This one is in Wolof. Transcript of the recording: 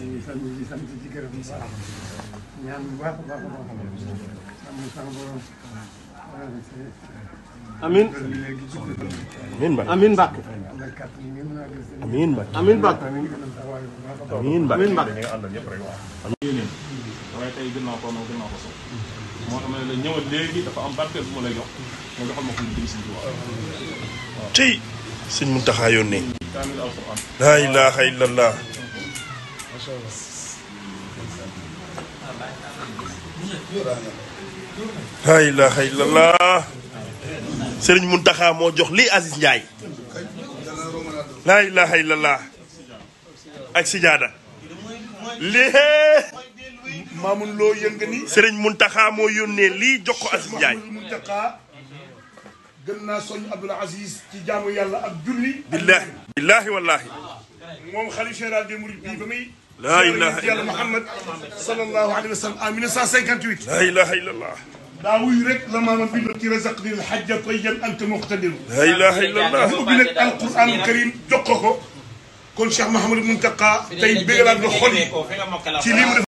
di sant di sant di gërëm bu baax ñaan bu baax a baax a baax amul sax borom amin amin Mbacke amin Mbacke amin Mbacke amin Mbacke amin Mbacke waaye tey gën naa ko moom gën naa ko so moo tax ma ne la ñëwal léegi dafa am barkeel bu ma lay jox nga joxal ma ko ñu jëm si waaw tey sëñ Muntaxa yónnee laa ilaaha illallah macha allah. laa ilaaha illallah. Sëriñ Muntaxa moo jox li Aziz Ndiaye. laa ilaaha illallah. ak sijaada. lii. maamun loo yëng ni. Sëriñ Muntaxa moo yónnee lii jox ko Aziz Ndiaye. gën naa soñ Abdoul Aziz ci jaamu yàlla ak julli. billaahi billaahi laa ilaha yàlla Muhammad sallallahu alayhi wa sallam en 1958. laa ilaha illallah. daa wuyu rek la maama bindoon ci razaq ni xajja tayyan anta muqtadiru. laa ilaha illallah. bu bi nag alquranul karim jox ko ko kon Cheikh Mouhamadou Mountakha tey béyalaat nga xol yi ci li mu